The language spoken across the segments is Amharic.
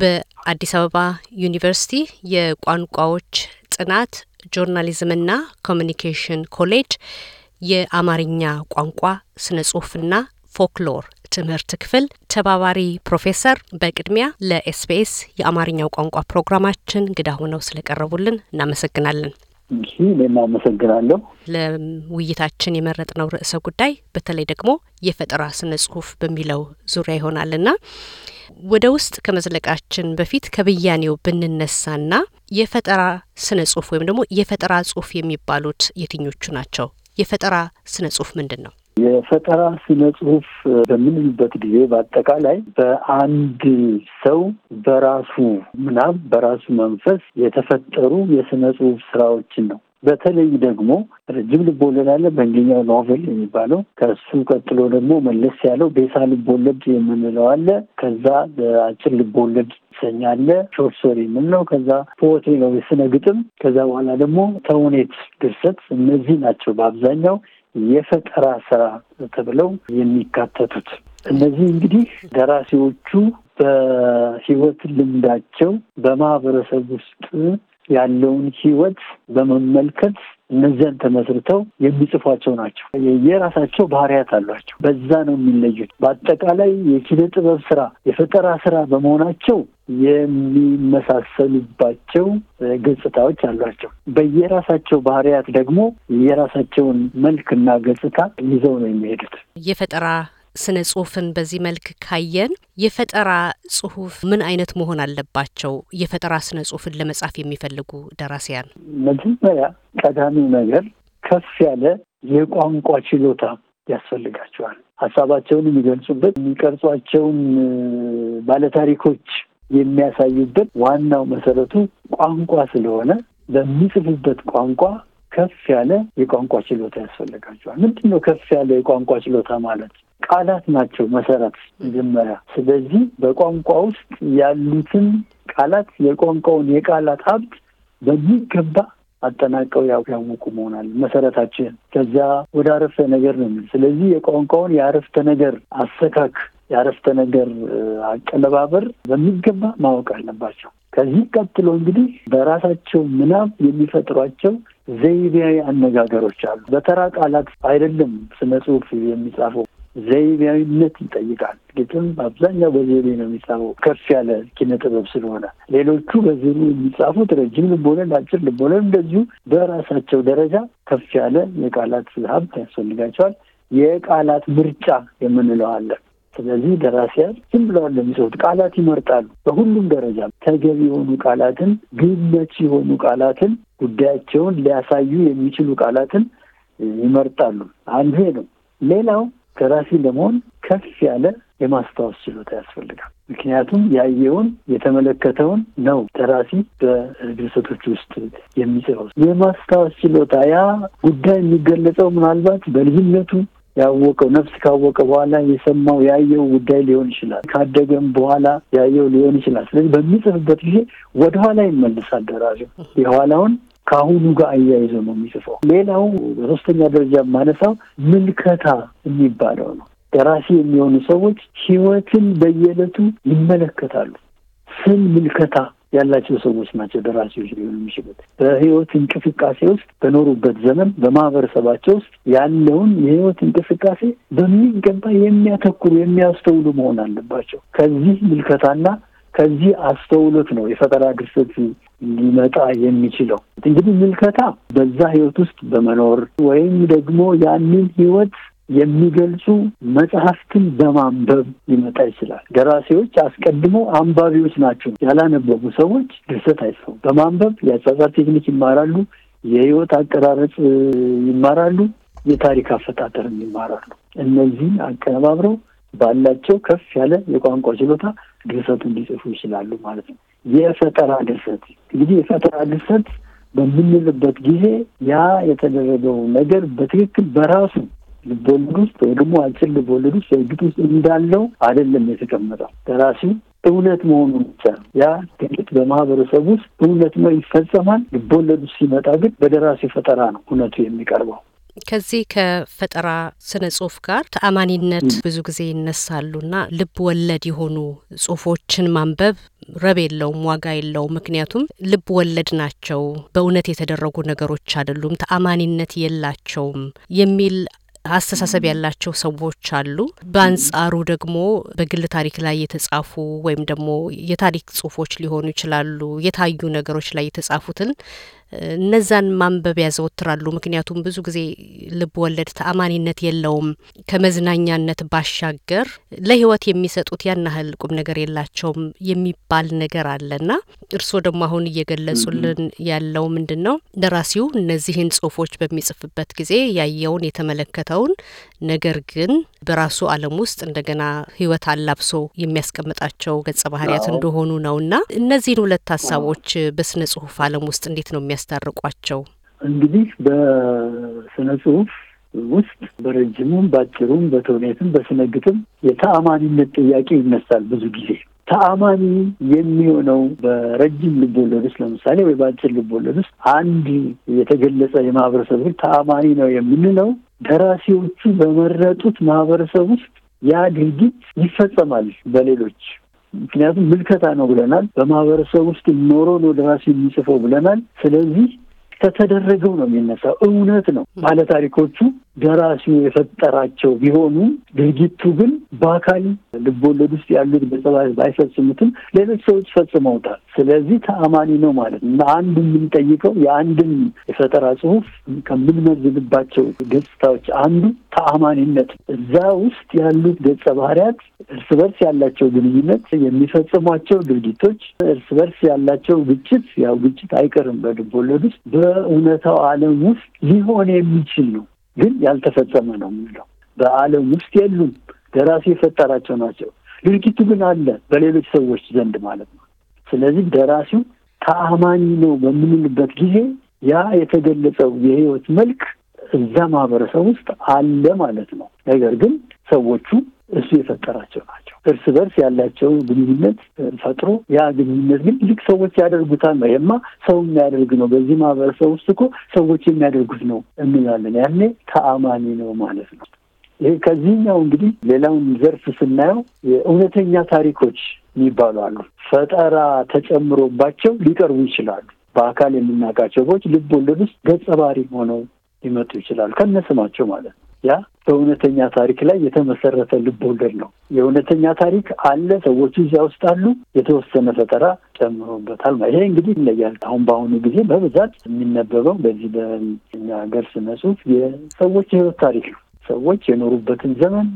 በአዲስ አበባ ዩኒቨርሲቲ የቋንቋዎች ጥናት ጆርናሊዝምና ኮሚኒኬሽን ኮሌጅ የአማርኛ ቋንቋ ስነ ጽሁፍና ፎክሎር ትምህርት ክፍል ተባባሪ ፕሮፌሰር፣ በቅድሚያ ለኤስቢኤስ የአማርኛው ቋንቋ ፕሮግራማችን እንግዳ ሆነው ስለቀረቡልን እናመሰግናለን። እሺ እኔም አመሰግናለሁ። ለውይይታችን የመረጥነው ርዕሰ ጉዳይ በተለይ ደግሞ የፈጠራ ስነ ጽሁፍ በሚለው ዙሪያ ይሆናልና ወደ ውስጥ ከመዝለቃችን በፊት ከብያኔው ብንነሳና የፈጠራ ስነ ጽሁፍ ወይም ደግሞ የፈጠራ ጽሁፍ የሚባሉት የትኞቹ ናቸው? የፈጠራ ስነ ጽሁፍ ምንድን ነው? የፈጠራ ስነ ጽሁፍ በምንልበት ጊዜ በአጠቃላይ በአንድ ሰው በራሱ ምናብ በራሱ መንፈስ የተፈጠሩ የስነ ጽሁፍ ስራዎችን ነው። በተለይ ደግሞ ረጅም ልቦለድ አለ፣ በእንግሊዝኛው ኖቬል የሚባለው ከሱ ቀጥሎ ደግሞ መለስ ያለው ቤሳ ልቦለድ የምንለው አለ። ከዛ አጭር ልቦለድ ይሰኛል፣ ሾርት ስቶሪ የምንለው ከዛ ፖቴ ነው የስነ ግጥም፣ ከዛ በኋላ ደግሞ ተውኔት ድርሰት። እነዚህ ናቸው በአብዛኛው የፈጠራ ስራ ተብለው የሚካተቱት እነዚህ እንግዲህ ደራሲዎቹ በህይወት ልምዳቸው በማህበረሰብ ውስጥ ያለውን ህይወት በመመልከት እነዚያን ተመስርተው የሚጽፏቸው ናቸው። የራሳቸው ባህሪያት አሏቸው። በዛ ነው የሚለዩት። በአጠቃላይ የኪነ ጥበብ ስራ የፈጠራ ስራ በመሆናቸው የሚመሳሰሉባቸው ገጽታዎች አሏቸው። በየራሳቸው ባህሪያት ደግሞ የራሳቸውን መልክና ገጽታ ይዘው ነው የሚሄዱት የፈጠራ ስነ ጽሁፍን በዚህ መልክ ካየን የፈጠራ ጽሁፍ ምን አይነት መሆን አለባቸው? የፈጠራ ስነ ጽሁፍን ለመጻፍ የሚፈልጉ ደራሲያን መጀመሪያ ቀዳሚ ነገር ከፍ ያለ የቋንቋ ችሎታ ያስፈልጋቸዋል። ሀሳባቸውን የሚገልጹበት የሚቀርጿቸውን ባለታሪኮች የሚያሳዩበት ዋናው መሰረቱ ቋንቋ ስለሆነ በሚጽፉበት ቋንቋ ከፍ ያለ የቋንቋ ችሎታ ያስፈልጋቸዋል። ምንድን ነው ከፍ ያለ የቋንቋ ችሎታ ማለት? ቃላት ናቸው መሰረት መጀመሪያ። ስለዚህ በቋንቋ ውስጥ ያሉትን ቃላት የቋንቋውን የቃላት ሀብት በሚገባ አጠናቀው ያውቁ መሆናል መሰረታችን። ከዚያ ወደ አረፍተ ነገር ነው የሚል። ስለዚህ የቋንቋውን የአረፍተ ነገር አሰካክ፣ የአረፍተ ነገር አቀነባበር በሚገባ ማወቅ አለባቸው። ከዚህ ቀጥሎ እንግዲህ በራሳቸው ምናብ የሚፈጥሯቸው ዘይቤያዊ አነጋገሮች አሉ። በተራ ቃላት አይደለም ስነ ጽሁፍ የሚጻፈው። ዘይቤያዊነት ይጠይቃል። ግጥም በአብዛኛው በዜቤ ነው የሚጻፈው ከፍ ያለ ኪነ ጥበብ ስለሆነ፣ ሌሎቹ በዜሩ የሚጻፉት ረጅም ልቦለድ፣ አጭር ልቦለድ እንደዚሁ በራሳቸው ደረጃ ከፍ ያለ የቃላት ሀብት ያስፈልጋቸዋል። የቃላት ምርጫ የምንለው አለ። ስለዚህ ደራሲያን ዝም ብለዋል የሚጽፉት ቃላት ይመርጣሉ። በሁሉም ደረጃ ተገቢ የሆኑ ቃላትን፣ ግመች የሆኑ ቃላትን፣ ጉዳያቸውን ሊያሳዩ የሚችሉ ቃላትን ይመርጣሉ። አንዱ ነው። ሌላው ደራሲ ለመሆን ከፍ ያለ የማስታወስ ችሎታ ያስፈልጋል። ምክንያቱም ያየውን የተመለከተውን ነው ደራሲ በድርሰቶች ውስጥ የሚጽፈው። የማስታወስ ችሎታ ያ ጉዳይ የሚገለጸው ምናልባት በልጅነቱ ያወቀው ነፍስ ካወቀ በኋላ የሰማው ያየው ጉዳይ ሊሆን ይችላል። ካደገም በኋላ ያየው ሊሆን ይችላል። ስለዚህ በሚጽፍበት ጊዜ ወደኋላ ይመልሳል። ደራሲው የኋላውን ከአሁኑ ጋር አያይዘው ነው የሚጽፈው። ሌላው በሶስተኛ ደረጃ የማነሳው ምልከታ የሚባለው ነው። ደራሲ የሚሆኑ ሰዎች ህይወትን በየዕለቱ ይመለከታሉ። ስም ምልከታ ያላቸው ሰዎች ናቸው ደራሲዎች ሊሆኑ የሚችሉት። በህይወት እንቅስቃሴ ውስጥ በኖሩበት ዘመን በማህበረሰባቸው ውስጥ ያለውን የህይወት እንቅስቃሴ በሚገባ የሚያተኩሩ የሚያስተውሉ መሆን አለባቸው። ከዚህ ምልከታና ከዚህ አስተውሎት ነው የፈጠራ ግርሰት ሊመጣ የሚችለው። እንግዲህ ምልከታ በዛ ህይወት ውስጥ በመኖር ወይም ደግሞ ያንን ህይወት የሚገልጹ መጽሐፍትን በማንበብ ሊመጣ ይችላል። ደራሲዎች አስቀድሞ አንባቢዎች ናቸው። ያላነበቡ ሰዎች ድርሰት አይጽፉም። በማንበብ የአጻጻፍ ቴክኒክ ይማራሉ፣ የህይወት አቀራረጽ ይማራሉ፣ የታሪክ አፈጣጠርም ይማራሉ። እነዚህን አቀነባብረው ባላቸው ከፍ ያለ የቋንቋ ችሎታ ድርሰቱን ሊጽፉ ይችላሉ ማለት ነው። የፈጠራ ድርሰት እንግዲህ የፈጠራ ድርሰት በምንልበት ጊዜ ያ የተደረገው ነገር በትክክል በራሱ ልቦለድ ውስጥ ወይ ደግሞ አጭር ልቦወለድ ውስጥ ግጥም ውስጥ እንዳለው አይደለም የተቀመጠው ደራሲው እውነት መሆኑን ብቻ ያ ግጭት በማህበረሰብ ውስጥ እውነት ነው ይፈጸማል። ልቦወለዱ ሲመጣ ግን በደራሲ ፈጠራ ነው እውነቱ የሚቀርበው። ከዚህ ከፈጠራ ስነ ጽሁፍ ጋር ተአማኒነት ብዙ ጊዜ ይነሳሉና ልብ ወለድ የሆኑ ጽሁፎችን ማንበብ ረብ የለውም፣ ዋጋ የለውም። ምክንያቱም ልብ ወለድ ናቸው፣ በእውነት የተደረጉ ነገሮች አይደሉም፣ ተአማኒነት የላቸውም የሚል አስተሳሰብ ያላቸው ሰዎች አሉ። በአንጻሩ ደግሞ በግል ታሪክ ላይ የተጻፉ ወይም ደግሞ የታሪክ ጽሁፎች ሊሆኑ ይችላሉ የታዩ ነገሮች ላይ የተጻፉትን እነዛን ማንበብ ያዘወትራሉ። ምክንያቱም ብዙ ጊዜ ልብ ወለድ ተአማኒነት የለውም። ከመዝናኛነት ባሻገር ለህይወት የሚሰጡት ያን ያህል ቁም ነገር የላቸውም የሚባል ነገር አለና እርስዎ ደግሞ አሁን እየገለጹልን ያለው ምንድን ነው? ደራሲው እነዚህን ጽሁፎች በሚጽፍበት ጊዜ ያየውን የተመለከተውን፣ ነገር ግን በራሱ ዓለም ውስጥ እንደገና ህይወት አላብሶ የሚያስቀምጣቸው ገጸ ባህርያት እንደሆኑ ነውና እነዚህን ሁለት ሀሳቦች በስነ ጽሁፍ ዓለም ውስጥ እንዴት ነው የሚያ የሚያስታርቋቸው? እንግዲህ በስነ ጽሁፍ ውስጥ በረጅሙም በአጭሩም በተውኔትም በስነ ግጥም የተአማኒነት ጥያቄ ይነሳል። ብዙ ጊዜ ተአማኒ የሚሆነው በረጅም ልቦለድ ውስጥ ለምሳሌ ወይ በአጭር ልቦለድ ውስጥ አንድ የተገለጸ የማህበረሰብ ተአማኒ ነው የምንለው ደራሲዎቹ በመረጡት ማህበረሰብ ውስጥ ያ ድርጊት ይፈጸማል በሌሎች ምክንያቱም ምልከታ ነው ብለናል። በማህበረሰብ ውስጥ ኖሮ ነው ደራሲ የሚጽፈው ብለናል። ስለዚህ ከተደረገው ነው የሚነሳው። እውነት ነው ባለታሪኮቹ ደራሲው የፈጠራቸው ቢሆኑ ድርጊቱ ግን በአካል ልቦለድ ውስጥ ያሉት በጸባይ ባይፈጽሙትም ሌሎች ሰዎች ፈጽመውታል። ስለዚህ ተአማኒ ነው ማለት ነው እና አንድ የምንጠይቀው የአንድን የፈጠራ ጽሁፍ ከምንመዝንባቸው ገጽታዎች አንዱ ተአማኒነት፣ እዛ ውስጥ ያሉት ገጸ ባህሪያት፣ እርስ በርስ ያላቸው ግንኙነት፣ የሚፈጽሟቸው ድርጊቶች፣ እርስ በርስ ያላቸው ግጭት፣ ያው ግጭት አይቀርም በልቦለድ ውስጥ በእውነታው ዓለም ውስጥ ሊሆን የሚችል ነው። ግን ያልተፈጸመ ነው የምንለው። በዓለም ውስጥ የሉም፣ ደራሲ የፈጠራቸው ናቸው። ድርጊቱ ግን አለ በሌሎች ሰዎች ዘንድ ማለት ነው። ስለዚህ ደራሲው ተአማኒ ነው በምንልበት ጊዜ ያ የተገለጸው የህይወት መልክ እዛ ማህበረሰብ ውስጥ አለ ማለት ነው። ነገር ግን ሰዎቹ እሱ የፈጠራቸው ናቸው። እርስ በርስ ያላቸው ግንኙነት ፈጥሮ ያ ግንኙነት ግን ልክ ሰዎች ያደርጉታል ነው። ይሄማ ሰው የሚያደርግ ነው። በዚህ ማህበረሰብ ውስጥ እኮ ሰዎች የሚያደርጉት ነው እንላለን። ያኔ ተአማኒ ነው ማለት ነው። ይህ ከዚህኛው እንግዲህ ሌላውን ዘርፍ ስናየው የእውነተኛ ታሪኮች የሚባሉ አሉ። ፈጠራ ተጨምሮባቸው ሊቀርቡ ይችላሉ። በአካል የምናውቃቸው ሰዎች ልብ ወለድ ውስጥ ገጸ ባህሪ ሆነው ሊመጡ ይችላሉ፣ ከነስማቸው ማለት ነው። ያ በእውነተኛ ታሪክ ላይ የተመሰረተ ልብ ወለድ ነው። የእውነተኛ ታሪክ አለ፣ ሰዎቹ እዚያ ውስጥ አሉ፣ የተወሰነ ፈጠራ ጨምሮበታል። ይሄ እንግዲህ ይለያል። አሁን በአሁኑ ጊዜ በብዛት የሚነበበው በዚህ በኛ ሀገር ስነ ጽሁፍ የሰዎች የህይወት ታሪክ ነው። ሰዎች የኖሩበትን ዘመን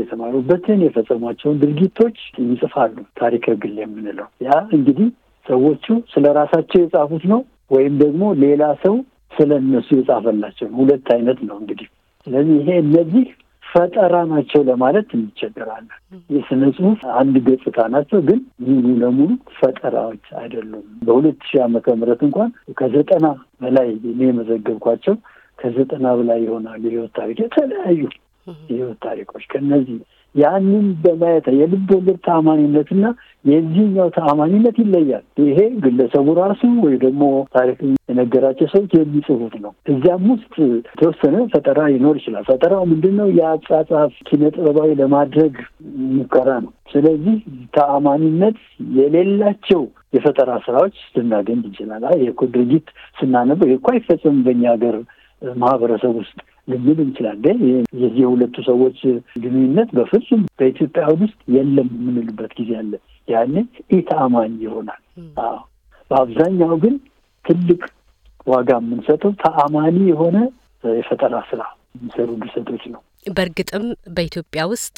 የተማሩበትን የፈጸሟቸውን ድርጊቶች ይጽፋሉ። ታሪከ ግል የምንለው ያ እንግዲህ ሰዎቹ ስለ ራሳቸው የጻፉት ነው ወይም ደግሞ ሌላ ሰው ስለ እነሱ የጻፈላቸው ሁለት አይነት ነው እንግዲህ። ስለዚህ ይሄ እነዚህ ፈጠራ ናቸው ለማለት እንቸገራለን። የስነ ጽሁፍ አንድ ገጽታ ናቸው፣ ግን ሙሉ ለሙሉ ፈጠራዎች አይደሉም። በሁለት ሺህ ዓመተ ምህረት እንኳን ከዘጠና በላይ እኔ የመዘገብኳቸው ከዘጠና በላይ ይሆናሉ የህይወት ታሪክ የተለያዩ የህይወት ታሪኮች ከነዚህ ያንን በማየት የልብ ወለድ ተአማኒነትና የዚህኛው ተአማኒነት ይለያል። ይሄ ግለሰቡ ራሱ ወይ ደግሞ ታሪክ የነገራቸው ሰዎች የሚጽፉት ነው። እዚያም ውስጥ የተወሰነ ፈጠራ ይኖር ይችላል። ፈጠራው ምንድን ነው? የአጻጻፍ ኪነ ጥበባዊ ለማድረግ ሙከራ ነው። ስለዚህ ተአማኒነት የሌላቸው የፈጠራ ስራዎች ልናገኝ እንችላል። ይሄ እኮ ድርጊት ስናነበው ይሄ እኮ በእኛ ሀገር ማህበረሰብ ውስጥ ልንል እንችላለን። የዚህ የሁለቱ ሰዎች ግንኙነት በፍጹም በኢትዮጵያ ውስጥ የለም የምንልበት ጊዜ አለ። ያኔ ኢተአማኝ ይሆናል። አዎ በአብዛኛው ግን ትልቅ ዋጋ የምንሰጠው ተአማኒ የሆነ የፈጠራ ስራ የሚሰሩ ድርሰቶች ነው። በእርግጥም በኢትዮጵያ ውስጥ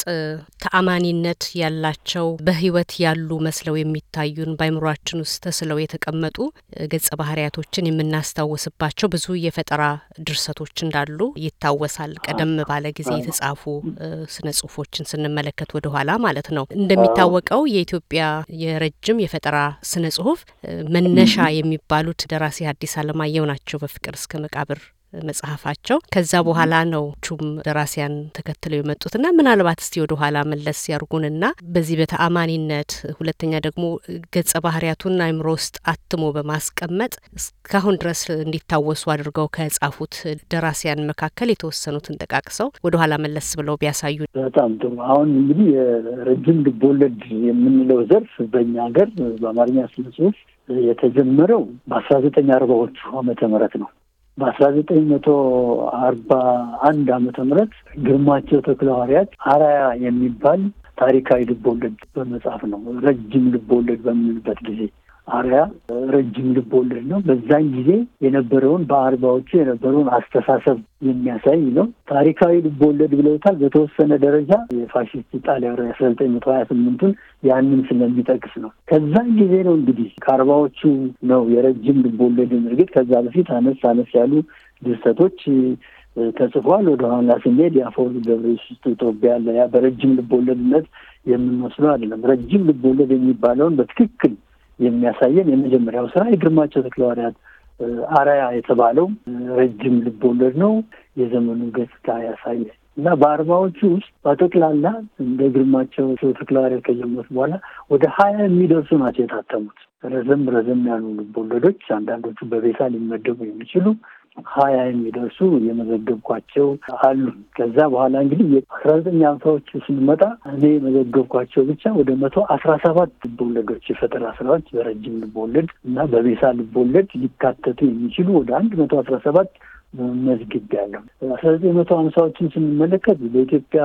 ተአማኒነት ያላቸው በህይወት ያሉ መስለው የሚታዩን በአይምሯችን ውስጥ ተስለው የተቀመጡ ገጸ ባህሪያቶችን የምናስታውስባቸው ብዙ የፈጠራ ድርሰቶች እንዳሉ ይታወሳል። ቀደም ባለ ጊዜ የተጻፉ ስነ ጽሁፎችን ስንመለከት ወደ ኋላ ማለት ነው። እንደሚታወቀው የኢትዮጵያ የረጅም የፈጠራ ስነ ጽሁፍ መነሻ የሚባሉት ደራሲ ሐዲስ ዓለማየሁ ናቸው። በፍቅር እስከ መቃብር መጽሐፋቸው። ከዛ በኋላ ነው ቹም ደራሲያን ተከትለው የመጡትና ምናልባት እስቲ ወደ ኋላ መለስ ያርጉንና በዚህ በተአማኒነት ሁለተኛ ደግሞ ገጸ ባህርያቱን አይምሮ ውስጥ አትሞ በማስቀመጥ እስካሁን ድረስ እንዲታወሱ አድርገው ከጻፉት ደራሲያን መካከል የተወሰኑትን ጠቃቅሰው ወደ ኋላ መለስ ብለው ቢያሳዩ በጣም ጥሩ። አሁን እንግዲህ የረጅም ልቦለድ የምንለው ዘርፍ በእኛ ሀገር በአማርኛ ስነ ጽሁፍ የተጀመረው በአስራ ዘጠኝ አርባዎቹ አመተ ምህረት ነው። በአስራ ዘጠኝ መቶ አርባ አንድ ዓመተ ምህረት ግርማቸው ተክለ ሐዋርያት አራያ የሚባል ታሪካዊ ልቦወለድ በመጽሐፍ ነው። ረጅም ልቦወለድ በምንልበት ጊዜ አርያ ረጅም ልብ ወለድ ነው። በዛን ጊዜ የነበረውን በአርባዎቹ የነበረውን አስተሳሰብ የሚያሳይ ነው። ታሪካዊ ልብ ወለድ ብለውታል። በተወሰነ ደረጃ የፋሽስት ጣሊያ አስራ ዘጠኝ መቶ ሀያ ስምንቱን ያንን ስለሚጠቅስ ነው። ከዛን ጊዜ ነው እንግዲህ ከአርባዎቹ ነው የረጅም ልብ ወለድን። እርግጥ ከዛ በፊት አነስ አነስ ያሉ ድርሰቶች ተጽፏል። ወደኋላ ስንሄድ የአፈወርቅ ገብረየሱስ ኢትዮጵያ በረጅም ልብ ወለድነት የምንወስደው አይደለም። ረጅም ልብ ወለድ የሚባለውን በትክክል የሚያሳየን የመጀመሪያው ስራ የግርማቸው ተክለሐዋርያት አራያ የተባለው ረጅም ወለድ ነው። የዘመኑ ገጽታ ያሳያል እና በአርባዎቹ ውስጥ በጠቅላላ እንደ ግርማቸው ተክለሐዋርያት ከጀመሩት በኋላ ወደ ሀያ የሚደርሱ ናቸው የታተሙት። ረዘም ረዘም ያሉ ልቦወለዶች አንዳንዶቹ በቤሳ ሊመደቡ የሚችሉ ሀያ የሚደርሱ የመዘገብኳቸው አሉ። ከዛ በኋላ እንግዲህ የአስራ ዘጠኝ ሀምሳዎች ስንመጣ እኔ የመዘገብኳቸው ብቻ ወደ መቶ አስራ ሰባት ልቦወለዶች የፈጠራ ስራዎች በረጅም ልቦወለድ እና በቤሳ ልቦወለድ ሊካተቱ የሚችሉ ወደ አንድ መቶ አስራ ሰባት መዝግብ ያለው አስራ ዘጠኝ መቶ ሀምሳዎችን ስንመለከት በኢትዮጵያ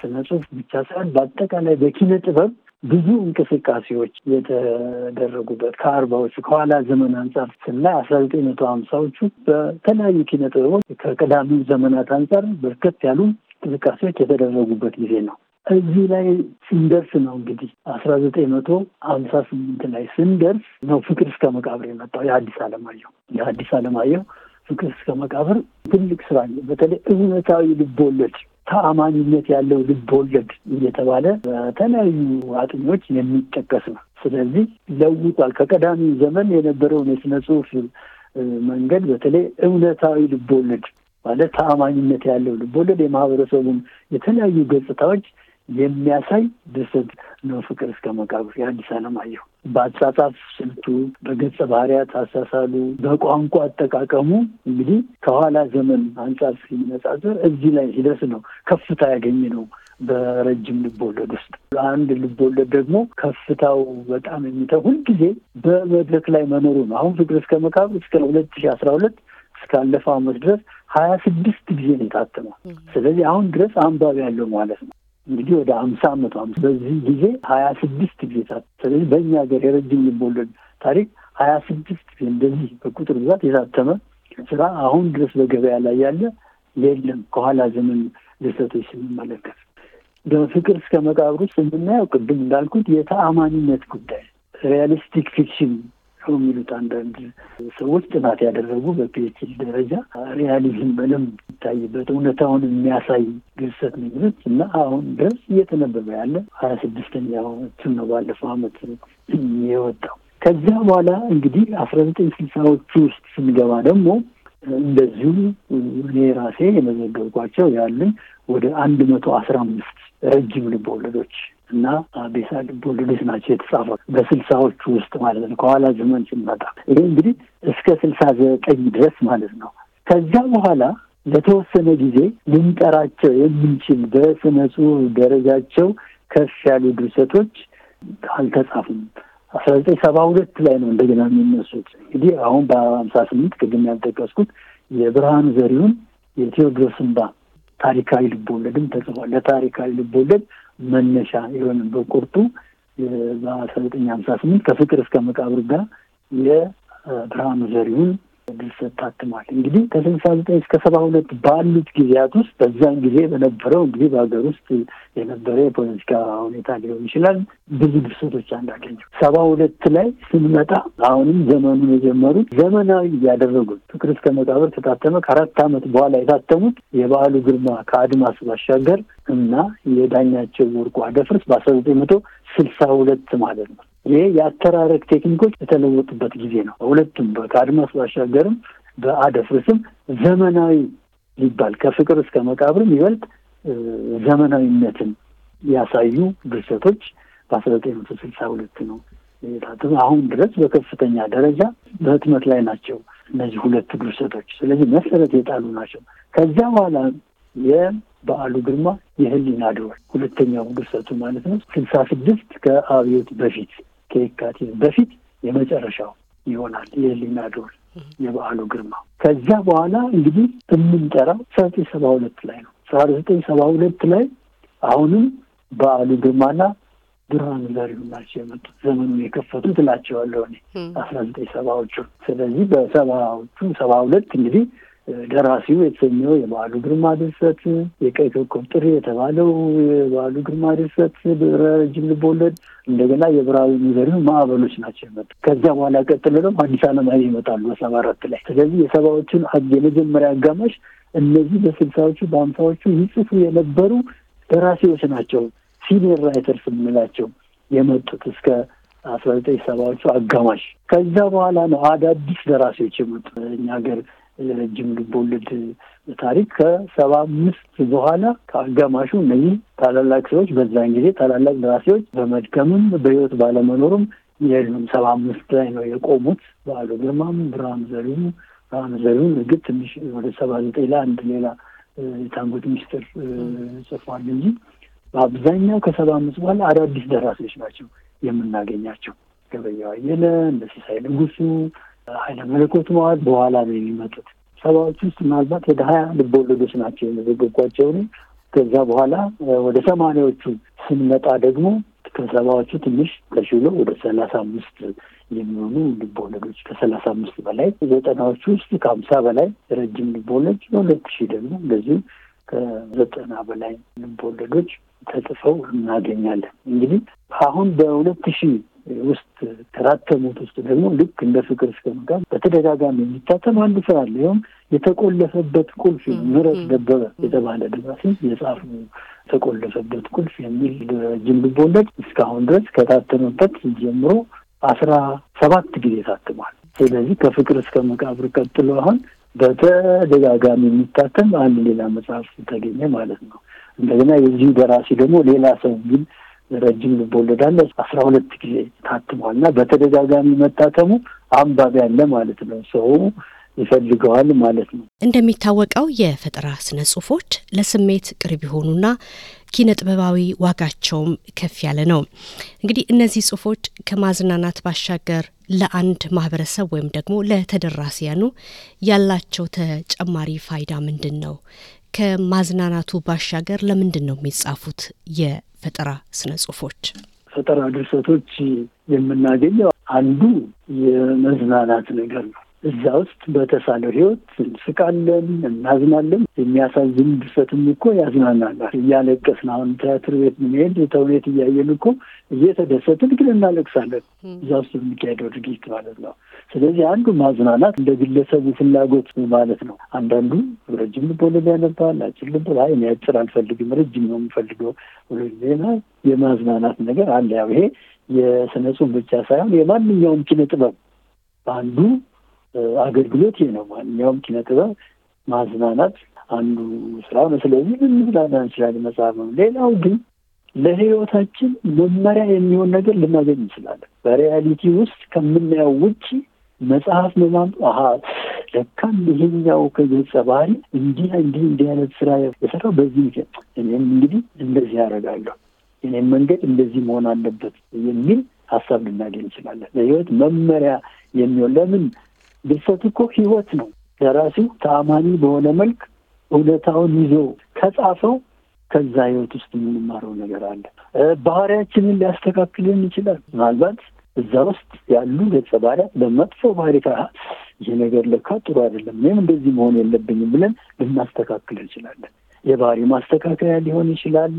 ስነ ጽሁፍ ብቻ ሳይሆን በአጠቃላይ በኪነ ጥበብ ብዙ እንቅስቃሴዎች የተደረጉበት ከአርባዎቹ ከኋላ ዘመን አንጻር ስናይ አስራ ዘጠኝ መቶ ሀምሳዎቹ በተለያዩ ኪነ ጥበቦች ከቀዳሚ ዘመናት አንጻር በርከት ያሉ እንቅስቃሴዎች የተደረጉበት ጊዜ ነው። እዚህ ላይ ስንደርስ ነው እንግዲህ አስራ ዘጠኝ መቶ ሀምሳ ስምንት ላይ ስንደርስ ነው ፍቅር እስከ መቃብር የመጣው የሐዲስ ዓለማየሁ የሐዲስ ዓለማየሁ ፍቅር እስከ መቃብር ትልቅ ስራ በተለይ እውነታዊ ልቦለድ ተአማኝነት ያለው ልብ ወለድ እየተባለ በተለያዩ አጥኞች የሚጠቀስ ነው። ስለዚህ ለውጧል። ከቀዳሚው ዘመን የነበረውን የስነ ጽሁፍ መንገድ በተለይ እውነታዊ ልብ ወለድ ማለት ተአማኝነት ያለው ልብ ወለድ የማህበረሰቡን የተለያዩ ገጽታዎች የሚያሳይ ድርሰት ነው። ፍቅር እስከ መቃብር የሐዲስ ዓለማየሁ በአጻጻፍ ስልቱ፣ በገጸ ባህሪያት አሳሳሉ፣ በቋንቋ አጠቃቀሙ እንግዲህ ከኋላ ዘመን አንጻር ሲነጻጸር እዚህ ላይ ሲደርስ ነው ከፍታ ያገኘ ነው። በረጅም ልቦወለድ ውስጥ አንድ ልቦወለድ ደግሞ ከፍታው በጣም የሚተው ሁልጊዜ በመድረክ ላይ መኖሩ ነው። አሁን ፍቅር እስከ መቃብር እስከ ሁለት ሺ አስራ ሁለት እስካለፈው አመት ድረስ ሀያ ስድስት ጊዜ ነው የታተመው። ስለዚህ አሁን ድረስ አንባቢ ያለው ማለት ነው። እንግዲህ ወደ አምሳ አመቱ አምስት በዚህ ጊዜ ሀያ ስድስት ጊዜ ስለዚህ በእኛ ሀገር የረጅም ልብ ታሪክ ሀያ ስድስት ጊዜ እንደዚህ በቁጥር ብዛት የታተመ ስራ አሁን ድረስ በገበያ ላይ ያለ የለም። ከኋላ ዘመን ልሰቶች ስንመለከት በፍቅር እስከ መቃብር ውስጥ የምናየው ቅድም እንዳልኩት የተአማኒነት ጉዳይ ሪያሊስቲክ ፊክሽን ናቸው የሚሉት አንዳንድ ሰዎች ጥናት ያደረጉ በፒኤችዲ ደረጃ ሪያሊዝም በደንብ ይታይበት እውነታውን የሚያሳይ ግርሰት ነው የሚሉት እና አሁን ድረስ እየተነበበ ያለ ሀያ ስድስተኛው እትም ነው ባለፈው አመት የወጣው። ከዚያ በኋላ እንግዲህ አስራ ዘጠኝ ስልሳዎቹ ውስጥ ስንገባ ደግሞ እንደዚሁ እኔ ራሴ የመዘገብኳቸው ያሉኝ ወደ አንድ መቶ አስራ አምስት ረጅም ልብ ወለዶች እና ቤሳል ልቦለዶች ናቸው የተጻፉት በስልሳዎቹ ውስጥ ማለት ነው። ከኋላ ዘመን ሲመጣ ይሄ እንግዲህ እስከ ስልሳ ዘጠኝ ድረስ ማለት ነው። ከዚያ በኋላ ለተወሰነ ጊዜ ልንጠራቸው የምንችል በስነ ጽሁፍ ደረጃቸው ከፍ ያሉ ድርሰቶች አልተጻፉም። አስራ ዘጠኝ ሰባ ሁለት ላይ ነው እንደገና የሚነሱት። እንግዲህ አሁን በሀምሳ ስምንት ቅድም ያልጠቀስኩት የብርሃኑ ዘሪሁን የቴዎድሮስ እምባ ታሪካዊ ልቦወለድም ተጽፏል። ለታሪካዊ ልቦወለድ መነሻ የሆነ በቁርጡ በአስራ ዘጠኝ ሀምሳ ስምንት ከፍቅር እስከ መቃብር ጋር የብርሃኑ ዘሪሁን ድርሰት ታትሟል። እንግዲህ ከስልሳ ዘጠኝ እስከ ሰባ ሁለት ባሉት ጊዜያት ውስጥ በዛን ጊዜ በነበረው እንግዲህ በሀገር ውስጥ የነበረ የፖለቲካ ሁኔታ ሊሆን ይችላል ብዙ ድርሰቶች አንዳገኘ ሰባ ሁለት ላይ ስንመጣ አሁንም ዘመኑን የጀመሩት ዘመናዊ እያደረጉት ፍቅር እስከ መቃብር ከታተመ ከአራት ዓመት በኋላ የታተሙት የበዓሉ ግርማ ከአድማስ ባሻገር እና የዳኛቸው ወርቁ አደፍርስ በአስራ ዘጠኝ መቶ ስልሳ ሁለት ማለት ነው። ይሄ የአተራረግ ቴክኒኮች የተለወጡበት ጊዜ ነው። ሁለቱም ከአድማስ ባሻገርም በአደፍርስም ዘመናዊ ሊባል ከፍቅር እስከ መቃብርም ይበልጥ ዘመናዊነትን ያሳዩ ድርሰቶች በአስራ ዘጠኝ መቶ ስልሳ ሁለት ነው የታተሙ። አሁን ድረስ በከፍተኛ ደረጃ በህትመት ላይ ናቸው እነዚህ ሁለቱ ድርሰቶች። ስለዚህ መሰረት የጣሉ ናቸው። ከዚያ በኋላ የበዓሉ ግርማ የህሊና ደወል ሁለተኛው ድርሰቱ ማለት ነው ስልሳ ስድስት ከአብዮት በፊት ከየካቲት በፊት የመጨረሻው ይሆናል የህሊና ዶር የበዓሉ ግርማ። ከዚያ በኋላ እንግዲህ የምንጠራው አስራ ዘጠኝ ሰባ ሁለት ላይ ነው። አስራ ዘጠኝ ሰባ ሁለት ላይ አሁንም በዓሉ ግርማና ብርሃኑ ዘሪሁን ናቸው የመጡት ዘመኑን የከፈቱት እላቸዋለሁ እኔ አስራ ዘጠኝ ሰባዎቹ። ስለዚህ በሰባዎቹ ሰባ ሁለት እንግዲህ ደራሲው የተሰኘው የበዓሉ ግርማ ድርሰት፣ የቀይ ኮከብ ጥሪ የተባለው የበዓሉ ግርማ ድርሰት ረጅም ልቦለድ፣ እንደገና የብራዊ ሚዘሪ ማዕበሎች ናቸው ይመጡ። ከዚያ በኋላ ቀጥሎ ደግሞ አዲስ ዓለማየሁ ይመጣሉ በሰባ አራት ላይ። ስለዚህ የሰባዎቹን የመጀመሪያ አጋማሽ እነዚህ በስልሳዎቹ በአምሳዎቹ ይጽፉ የነበሩ ደራሲዎች ናቸው ሲኒየር ራይተርስ የምንላቸው የመጡት እስከ አስራ ዘጠኝ ሰባዎቹ አጋማሽ። ከዚያ በኋላ ነው አዳዲስ ደራሲዎች የመጡ። እኛ ሀገር የረጅም ልቦወለድ ታሪክ ከሰባ አምስት በኋላ ከአጋማሹ እነዚህ ታላላቅ ሰዎች በዛን ጊዜ ታላላቅ ደራሲዎች በመድከምም በህይወት ባለመኖሩም የሉም። ሰባ አምስት ላይ ነው የቆሙት። በአሉ ግርማም፣ ብርሃኑ ዘሪሁን ብርሃኑ ዘሪሁን እርግጥ ትንሽ ወደ ሰባ ዘጠኝ ላይ አንድ ሌላ የታንጎት ሚስጥር ጽፏል እንጂ በአብዛኛው ከሰባ አምስት በኋላ አዳዲስ ደራሲዎች ናቸው የምናገኛቸው። ገበያው አየለ፣ እንደ ሲሳይ ንጉሱ ኃይለ መለኮት መዋል በኋላ ነው የሚመጡት። ሰባዎች ውስጥ ምናልባት ወደ ሀያ ልቦወለዶች ናቸው የመዘገብኳቸው። ከዛ በኋላ ወደ ሰማንያዎቹ ስንመጣ ደግሞ ከሰባዎቹ ትንሽ ተሽሎ ወደ ሰላሳ አምስት የሚሆኑ ልቦወለዶች ከሰላሳ አምስት በላይ ዘጠናዎቹ ውስጥ ከሀምሳ በላይ ረጅም ልቦወለድ ሁለት ሺህ ደግሞ እንደዚሁ ከዘጠና በላይ ልቦወለዶች ተጽፈው እናገኛለን። እንግዲህ አሁን በሁለት ሺህ ውስጥ ተራተሙት ውስጥ ደግሞ ልክ እንደ ፍቅር እስከ በተደጋጋሚ የሚታተም አንድ ስራ አለ። ይኸውም የተቆለፈበት ቁልፍ ምረት ደበበ የተባለ ደራሲ የጻፉ የተቆለፈበት ቁልፍ የሚል ረጅም ልቦለድ እስካሁን ድረስ ከታተመበት ጀምሮ አስራ ሰባት ጊዜ ታትሟል። ስለዚህ ከፍቅር እስከ መቃብር ቀጥሎ አሁን በተደጋጋሚ የሚታተም አንድ ሌላ መጽሐፍ ተገኘ ማለት ነው። እንደገና የዚሁ ደራሲ ደግሞ ሌላ ሰው ግን ረጅም ልቦለድ አስራ ሁለት ጊዜ ታትመዋልና በተደጋጋሚ መታተሙ አንባቢ ያለ ማለት ነው ሰው ይፈልገዋል ማለት ነው። እንደሚታወቀው የፈጠራ ስነ ጽሁፎች ለስሜት ቅርብ የሆኑና ኪነ ጥበባዊ ዋጋቸውም ከፍ ያለ ነው። እንግዲህ እነዚህ ጽሁፎች ከማዝናናት ባሻገር ለአንድ ማህበረሰብ ወይም ደግሞ ለተደራሲያኑ ያላቸው ተጨማሪ ፋይዳ ምንድን ነው? ከማዝናናቱ ባሻገር ለምንድን ነው የሚጻፉት የፈጠራ ስነ ጽሁፎች? ፈጠራ ድርሰቶች የምናገኘው አንዱ የመዝናናት ነገር ነው። እዛ ውስጥ በተሳለው ህይወት እንስቃለን፣ እናዝናለን። የሚያሳዝን ድርሰትም እኮ ያዝናናል። እያለቀስን አሁን ቲያትር ቤት ምንሄድ ተውኔት እያየን እኮ እየተደሰትን ግን እናለቅሳለን። እዛ ውስጥ የሚካሄደው ድርጊት ማለት ነው። ስለዚህ አንዱ ማዝናናት እንደ ግለሰቡ ፍላጎት ማለት ነው። አንዳንዱ ረጅም ልብ ወለድ ያነባል፣ አጭር ልብ አይ እኔ አጭር አልፈልግም ረጅም ነው የምፈልገው ብሎ ዜና የማዝናናት ነገር አለ። ያው ይሄ የስነ ጽሁፍ ብቻ ሳይሆን የማንኛውም ኪነ ጥበብ አንዱ አገልግሎት ይሄ ነው። ማንኛውም ኪነ ጥበብ ማዝናናት አንዱ ስራ ነው። ስለዚህ ልንዝናና እንችላለን መጽሐፍ ነው። ሌላው ግን ለህይወታችን መመሪያ የሚሆን ነገር ልናገኝ እንችላለን። በሪያሊቲ ውስጥ ከምናየው ውጭ መጽሐፍ መማም አሀ ለካም ይሄኛው ከገጸ ባህሪ እንዲህ እንዲህ እንዲህ አይነት ስራ የሰራው በዚህ ምክንያት እኔም እንግዲህ እንደዚህ ያደርጋለሁ፣ እኔም መንገድ እንደዚህ መሆን አለበት የሚል ሀሳብ ልናገኝ እንችላለን። ለህይወት መመሪያ የሚሆን ለምን ድርሰት እኮ ህይወት ነው። ደራሲው ተአማኒ በሆነ መልክ እውነታውን ይዞ ከጻፈው ከዛ ህይወት ውስጥ የምንማረው ነገር አለ። ባህሪያችንን ሊያስተካክልን ይችላል። ምናልባት እዛ ውስጥ ያሉ ገጸ ባህሪያት በመጥፎ ባህሪ ይህ ነገር ለካ ጥሩ አይደለም፣ ወይም እንደዚህ መሆን የለብኝም ብለን ልናስተካክል እንችላለን። የባህሪ ማስተካከያ ሊሆን ይችላል።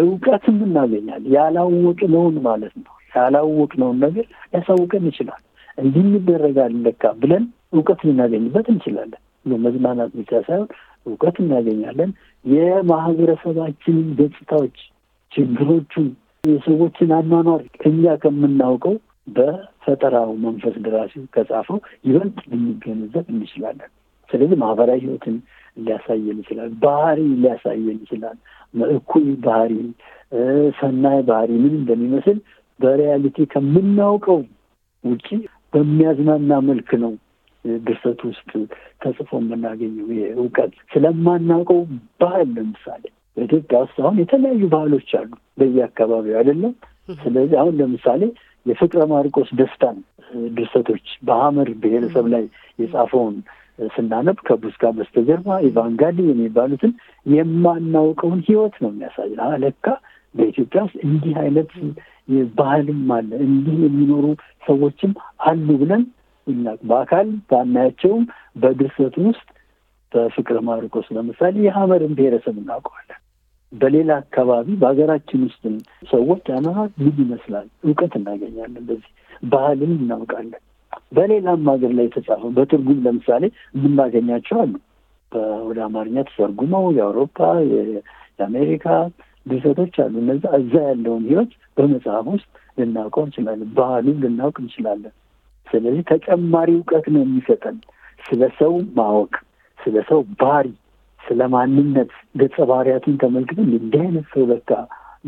እውቀትም ያላወቅ ያላወቅነውን ማለት ነው ያላወቅነውን ነገር ሊያሳውቀን ይችላል። እንዲህ ይደረጋል ለካ ብለን እውቀት ልናገኝበት እንችላለን። መዝናናት ብቻ ሳይሆን እውቀት እናገኛለን። የማህበረሰባችንን ገጽታዎች፣ ችግሮቹን፣ የሰዎችን አኗኗር እኛ ከምናውቀው በፈጠራው መንፈስ ደራሲው ከጻፈው ይበልጥ ልንገነዘብ እንችላለን። ስለዚህ ማህበራዊ ህይወትን ሊያሳየን ይችላል። ባህሪ ሊያሳየን ይችላል። እኩይ ባህሪ፣ ሰናይ ባህሪ ምን እንደሚመስል በሪያሊቲ ከምናውቀው ውጪ በሚያዝናና መልክ ነው ድርሰት ውስጥ ተጽፎ የምናገኘው። እውቀት ስለማናውቀው ባህል ለምሳሌ በኢትዮጵያ ውስጥ አሁን የተለያዩ ባህሎች አሉ በየአካባቢው አይደለም። ስለዚህ አሁን ለምሳሌ የፍቅረ ማርቆስ ደስታን ድርሰቶች በሀመር ብሔረሰብ ላይ የጻፈውን ስናነብ ከቡስካ በስተጀርባ ኢቫንጋሊ የሚባሉትን የማናውቀውን ህይወት ነው የሚያሳይ። ለካ በኢትዮጵያ ውስጥ እንዲህ አይነት ባህልም አለ። እንዲህ የሚኖሩ ሰዎችም አሉ ብለን እኛ በአካል ባናያቸውም በድርሰት ውስጥ በፍቅረ ማርቆስ ለምሳሌ የሀመርን ብሔረሰብ እናውቀዋለን። በሌላ አካባቢ በሀገራችን ውስጥም ሰዎች አኗኗር ልዩ ይመስላል። እውቀት እናገኛለን። በዚህ ባህልን እናውቃለን። በሌላም ሀገር ላይ የተጻፈ በትርጉም ለምሳሌ የምናገኛቸው አሉ። ወደ አማርኛ ተተርጉመው የአውሮፓ፣ የአሜሪካ ድርሰቶች አሉ። እነዛ እዛ ያለውን ህይወት በመጽሐፍ ውስጥ ልናውቀው እንችላለን። ባህሉን ልናውቅ እንችላለን። ስለዚህ ተጨማሪ እውቀት ነው የሚሰጠን ስለ ሰው ማወቅ፣ ስለ ሰው ባህሪ፣ ስለ ማንነት ገጸ ባህሪያቱን ተመልክተን እንዲህ አይነት ሰው በቃ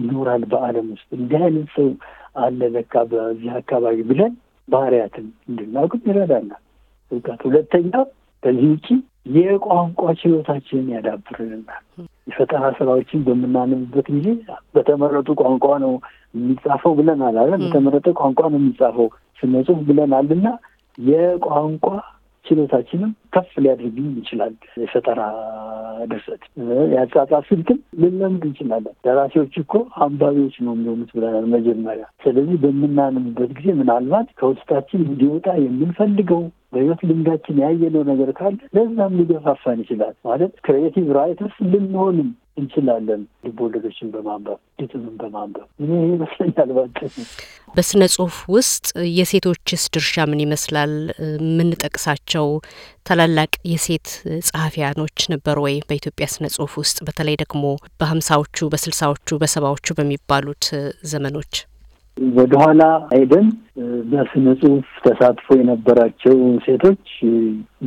ይኖራል በዓለም ውስጥ እንዲህ አይነት ሰው አለ በቃ በዚህ አካባቢ ብለን ባህሪያትን እንድናውቅ ይረዳናል እውቀት። ሁለተኛ ከዚህ ውጭ የቋንቋ ችሎታችንን ያዳብርልናል። የፈጠራ ስራዎችን በምናንብበት ጊዜ በተመረጡ ቋንቋ ነው የሚጻፈው ብለናል አለ በተመረጠ ቋንቋ ነው የሚጻፈው ስነ ጽሁፍ ብለናል እና የቋንቋ ችሎታችንም ከፍ ሊያደርግም ይችላል። የፈጠራ ድርሰት የአጻጻፍ ስልትም ልንለምድ እንችላለን። ደራሲዎች እኮ አንባቢዎች ነው የሚሆኑት ብለናል መጀመሪያ። ስለዚህ በምናንብበት ጊዜ ምናልባት ከውስጣችን እንዲወጣ የምንፈልገው በህይወት ልምዳችን ያየነው ነገር ካለ ለዛም ሊገፋፋን ይችላል። ማለት ክሬቲቭ ራይተርስ ልንሆንም እንችላለን። ልቦወለዶችን በማንበብ ግጥምን በማንበብ ይህ ይመስለኛል። በስነ ጽሁፍ ውስጥ የሴቶችስ ድርሻ ምን ይመስላል? የምንጠቅሳቸው ታላላቅ የሴት ጸሐፊያኖች ነበር ወይ በኢትዮጵያ ስነ ጽሁፍ ውስጥ በተለይ ደግሞ በሀምሳዎቹ በስልሳዎቹ በሰባዎቹ በሚባሉት ዘመኖች ወደኋላ አይደን በስነ ጽሁፍ ተሳትፎ የነበራቸው ሴቶች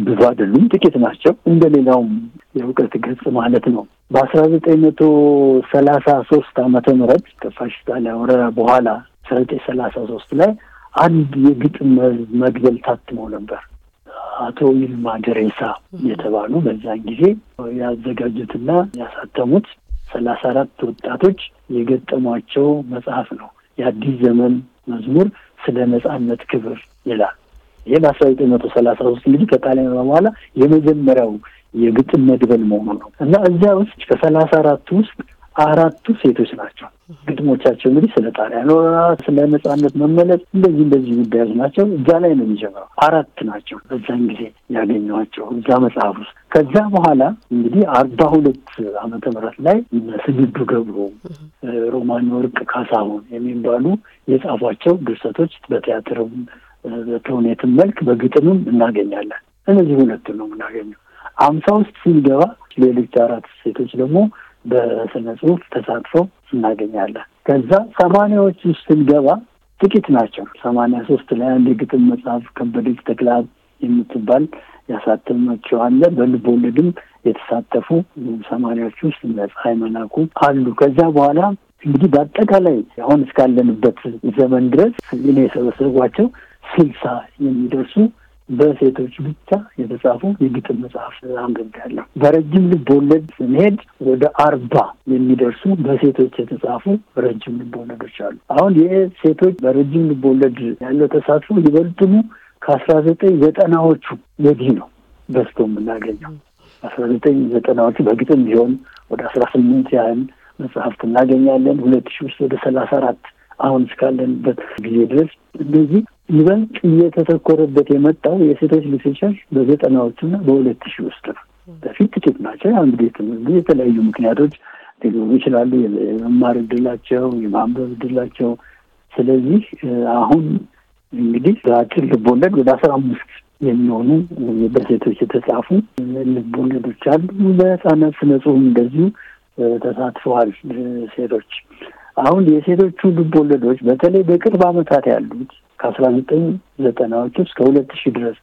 ብዙ አይደሉም፣ ጥቂት ናቸው። እንደ ሌላውም የእውቀት ገጽ ማለት ነው። በአስራ ዘጠኝ መቶ ሰላሳ ሶስት አመተ ምህረት ከፋሽስት ጣሊያ ወረራ በኋላ አስራ ዘጠኝ ሰላሳ ሶስት ላይ አንድ የግጥም መግደል ታትመው ነበር። አቶ ይልማ ደሬሳ የተባሉ በዛን ጊዜ ያዘጋጁትና ያሳተሙት ሰላሳ አራት ወጣቶች የገጠሟቸው መጽሐፍ ነው። የአዲስ ዘመን መዝሙር ስለ ነጻነት ክብር ይላል። ይህ በአስራ ዘጠኝ መቶ ሰላሳ ሶስት እንግዲህ ከጣሊያን በኋላ የመጀመሪያው የግጥም መድበል መሆኑ ነው እና እዚያ ውስጥ ከሰላሳ አራቱ ውስጥ አራቱ ሴቶች ናቸው። ግጥሞቻቸው እንግዲህ ስለ ጣሊያን ኖራ ስለ ነጻነት መመለስ እንደዚህ እንደዚህ ጉዳዮች ናቸው። እዛ ላይ ነው የሚጀምረው። አራት ናቸው በዛን ጊዜ ያገኘኋቸው እዛ መጽሐፍ ውስጥ። ከዛ በኋላ እንግዲህ አርባ ሁለት ዓመተ ምህረት ላይ ስንዱ ገብሮ ሮማን ወርቅ ካሳሁን የሚባሉ የጻፏቸው ድርሰቶች በቲያትርም በተውኔትም መልክ በግጥምም እናገኛለን። እነዚህ ሁለቱ ነው የምናገኘው። አምሳ ውስጥ ሲገባ ሌሎች አራት ሴቶች ደግሞ በስነ ጽሁፍ ተሳትፎ እናገኛለን። ከዛ ሰማኒያዎች ውስጥ ስንገባ ጥቂት ናቸው። ሰማኒያ ሶስት ላይ አንድ የግጥም መጽሐፍ ከበደች ተክለአብ የምትባል ያሳተመችው አለ። በልብ ወለድም የተሳተፉ ሰማኒያዎች ውስጥ ፀሐይ መላኩ አሉ። ከዚያ በኋላ እንግዲህ በአጠቃላይ አሁን እስካለንበት ዘመን ድረስ እኔ የሰበሰቧቸው ስልሳ የሚደርሱ በሴቶች ብቻ የተጻፉ የግጥም መጽሐፍ አንብቤያለሁ። በረጅም ልብ ወለድ ስንሄድ ወደ አርባ የሚደርሱ በሴቶች የተጻፉ ረጅም ልብ ወለዶች አሉ። አሁን ይህ ሴቶች በረጅም ልብ ወለድ ያለው ተሳትፎ ይበልጥኑ ከአስራ ዘጠኝ ዘጠናዎቹ ወዲህ ነው በዝቶ የምናገኘው። አስራ ዘጠኝ ዘጠናዎቹ በግጥም ቢሆን ወደ አስራ ስምንት ያህል መጽሐፍት እናገኛለን። ሁለት ሺ ውስጥ ወደ ሰላሳ አራት አሁን እስካለንበት ጊዜ ድረስ እነዚህ ይበልጥ እየተተኮረበት የመጣው የሴቶች ልስቻሽ በዘጠናዎቹና በሁለት ሺህ ውስጥ ነው። በፊት ጥቂት ናቸው። አንድ ቤት የተለያዩ ምክንያቶች ሊኖሩ ይችላሉ። የመማር እድላቸው፣ የማንበብ እድላቸው። ስለዚህ አሁን እንግዲህ በአጭር ልቦለድ ወደ አስራ አምስት የሚሆኑ በሴቶች የተጻፉ ልቦለዶች አሉ። በህጻናት ስነ ጽሁፍ እንደዚሁ ተሳትፈዋል ሴቶች። አሁን የሴቶቹ ልቦለዶች በተለይ በቅርብ አመታት ያሉት ከአስራ ዘጠኝ ዘጠናዎች እስከ ሁለት ሺህ ድረስ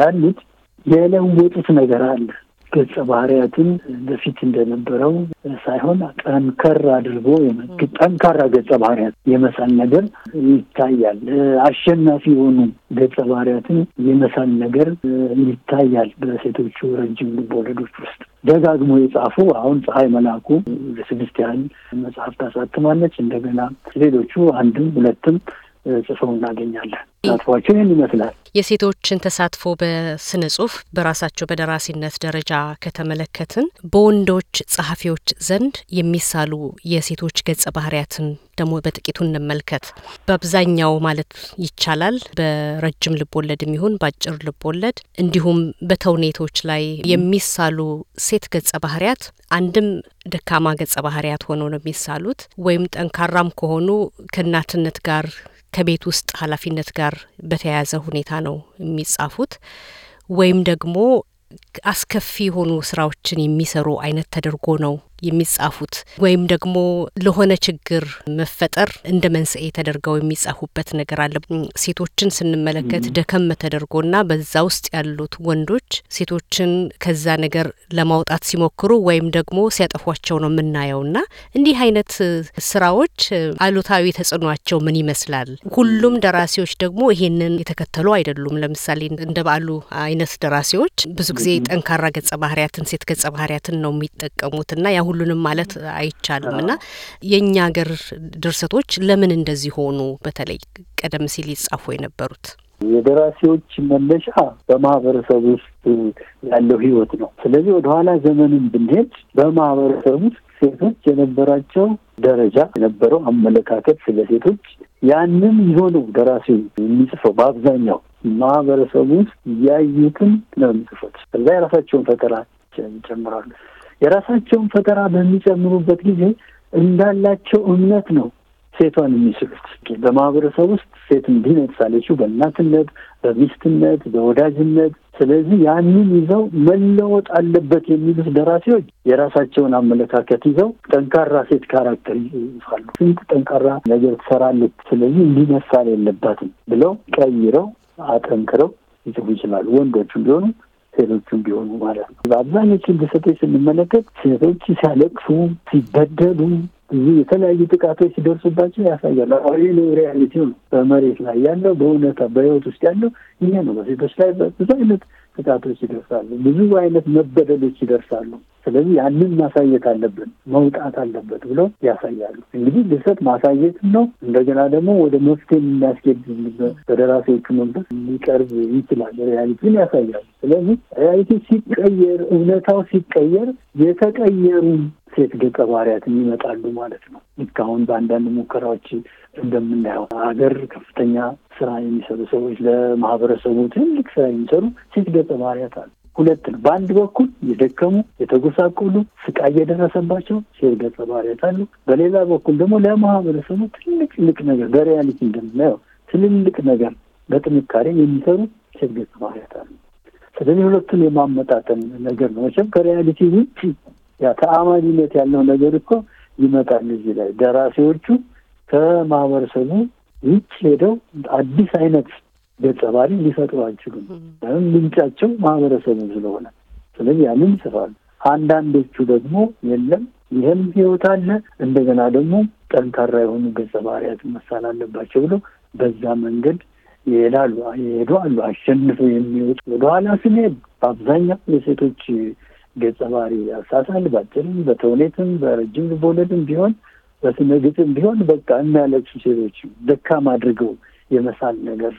ያሉት የለወጡት ነገር አለ። ገጸ ባህሪያትን በፊት እንደነበረው ሳይሆን ጠንከር አድርጎ ጠንካራ ገጸ ባህሪያት የመሳል ነገር ይታያል። አሸናፊ የሆኑ ገጸ ባህሪያትን የመሳል ነገር ይታያል በሴቶቹ ረጅም ልቦለዶች ውስጥ ደጋግሞ የጻፉ አሁን ፀሐይ መላኩ ለስድስት ያህል መጽሐፍ ታሳትማለች። እንደገና ሌሎቹ አንድም ሁለትም ጽፈው እናገኛለን። ይህን ይመስላል። የሴቶችን ተሳትፎ በስነ ጽሁፍ በራሳቸው በደራሲነት ደረጃ ከተመለከትን በወንዶች ጸሐፊዎች ዘንድ የሚሳሉ የሴቶች ገጸ ባህሪያትን ደግሞ በጥቂቱ እንመልከት። በአብዛኛው ማለት ይቻላል በረጅም ልቦለድ የሚሆን በአጭር ልቦለድ እንዲሁም በተውኔቶች ላይ የሚሳሉ ሴት ገጸ ባህሪያት አንድም ደካማ ገጸ ባህሪያት ሆነው ነው የሚሳሉት ወይም ጠንካራም ከሆኑ ከእናትነት ጋር ከቤት ውስጥ ኃላፊነት ጋር በተያያዘ ሁኔታ ነው የሚጻፉት ወይም ደግሞ አስከፊ የሆኑ ስራዎችን የሚሰሩ አይነት ተደርጎ ነው የሚጻፉት ወይም ደግሞ ለሆነ ችግር መፈጠር እንደ መንስኤ ተደርገው የሚጻፉበት ነገር አለ። ሴቶችን ስንመለከት ደከም ተደርጎና በዛ ውስጥ ያሉት ወንዶች ሴቶችን ከዛ ነገር ለማውጣት ሲሞክሩ ወይም ደግሞ ሲያጠፏቸው ነው የምናየውና እንዲህ አይነት ስራዎች አሉታዊ ተጽዕኗቸው ምን ይመስላል? ሁሉም ደራሲዎች ደግሞ ይሄንን የተከተሉ አይደሉም። ለምሳሌ እንደ በዓሉ አይነት ደራሲዎች ብዙ ጊዜ ጠንካራ ገጸ ባህሪያትን ሴት ገጸ ባህሪያትን ነው የሚጠቀሙትና ሁሉንም ማለት አይቻልም እና የእኛ ሀገር ድርሰቶች ለምን እንደዚህ ሆኑ? በተለይ ቀደም ሲል ይጻፉ የነበሩት የደራሲዎች መነሻ በማህበረሰብ ውስጥ ያለው ህይወት ነው። ስለዚህ ወደኋላ ዘመንም ብንሄድ በማህበረሰብ ውስጥ ሴቶች የነበራቸው ደረጃ የነበረው አመለካከት ስለ ሴቶች ያንን ይዞ ነው ደራሲው የሚጽፈው። በአብዛኛው ማህበረሰቡ ውስጥ ያዩትን ነው የሚጽፉት። እዛ የራሳቸውን ፈጠራ ይጨምራሉ። የራሳቸውን ፈጠራ በሚጨምሩበት ጊዜ እንዳላቸው እምነት ነው ሴቷን የሚስሉት። በማህበረሰብ ውስጥ ሴት እንዲህ ነው በእናትነት፣ በሚስትነት፣ በወዳጅነት። ስለዚህ ያንን ይዘው መለወጥ አለበት የሚሉት ደራሲዎች የራሳቸውን አመለካከት ይዘው ጠንካራ ሴት ካራክተር ይዛሉ። ስንት ጠንካራ ነገር ትሰራለች፣ ስለዚህ እንዲህ መሳል የለባትም ብለው ቀይረው አጠንክረው ይጽፉ ይችላሉ። ወንዶቹ ቢሆኑ ሌሎቹም ቢሆኑ ማለት ነው። በአብዛኞቹ እንደሰቶች ስንመለከት ሴቶች ሲያለቅሱ፣ ሲበደሉ እዚህ የተለያዩ ጥቃቶች ሲደርሱባቸው ያሳያል። ይህ ሪያሊቲ ነው፣ በመሬት ላይ ያለው በእውነታ በህይወት ውስጥ ያለው ይሄ ነው። በሴቶች ላይ ብዙ አይነት ጥቃቶች ይደርሳሉ፣ ብዙ አይነት መበደሎች ይደርሳሉ። ስለዚህ ያንን ማሳየት አለብን መውጣት አለበት ብሎ ያሳያሉ። እንግዲህ ልሰት ማሳየት ነው። እንደገና ደግሞ ወደ መፍትሄ የሚያስኬድ በደራሴዎቹ መንፈስ ሊቀርብ ይችላል። ሪያሊቲን ያሳያሉ። ስለዚህ ሪያሊቲ ሲቀየር፣ እውነታው ሲቀየር የተቀየሩ ሴት ደቀ ባህርያትን ይመጣሉ ማለት ነው። ልክ በአንዳንድ ሙከራዎች እንደምናየው ሀገር ከፍተኛ ስራ የሚሰሩ ሰዎች፣ ለማህበረሰቡ ትልቅ ስራ የሚሰሩ ሴት ደቀ ባህርያት አሉ። ሁለት ነው። በአንድ በኩል የደከሙ የተጎሳቆሉ ስቃይ እየደረሰባቸው ሴት ገጸ ባህሪያት አሉ። በሌላ በኩል ደግሞ ለማህበረሰቡ ትልቅ ትልቅ ነገር በሪያሊቲ እንደምናየው ትልልቅ ነገር በጥንካሬ የሚሰሩ ሴት ገጸ ባህሪያት አሉ። ስለዚህ ሁለቱን የማመጣጠን ነገር ነው መቼም ከሪያሊቲ ውጭ ያ ተአማኒነት ያለው ነገር እኮ ይመጣል። እዚህ ላይ ደራሲዎቹ ከማህበረሰቡ ውጭ ሄደው አዲስ አይነት ገጸ ባህሪ ሊፈጥሩ አይችሉም። ምንጫቸው ማህበረሰቡ ስለሆነ፣ ስለዚህ ያንን ይጽፋሉ። አንዳንዶቹ ደግሞ የለም ይህም ህይወት አለ፣ እንደገና ደግሞ ጠንካራ የሆኑ ገጸ ባህሪያትን መሳል አለባቸው ብሎ በዛ መንገድ ይሄዳሉ። ይሄዱ አሉ አሸንፈው የሚወጡ ወደኋላ ስንሄድ በአብዛኛው የሴቶች ገጸ ባህሪ ያሳታል። ባጭርም በተውኔትም በረጅም ልቦለድም ቢሆን በስነ ግጥም ቢሆን በቃ የሚያለቅሱ ሴቶች ደካማ አድርገው የመሳል ነገር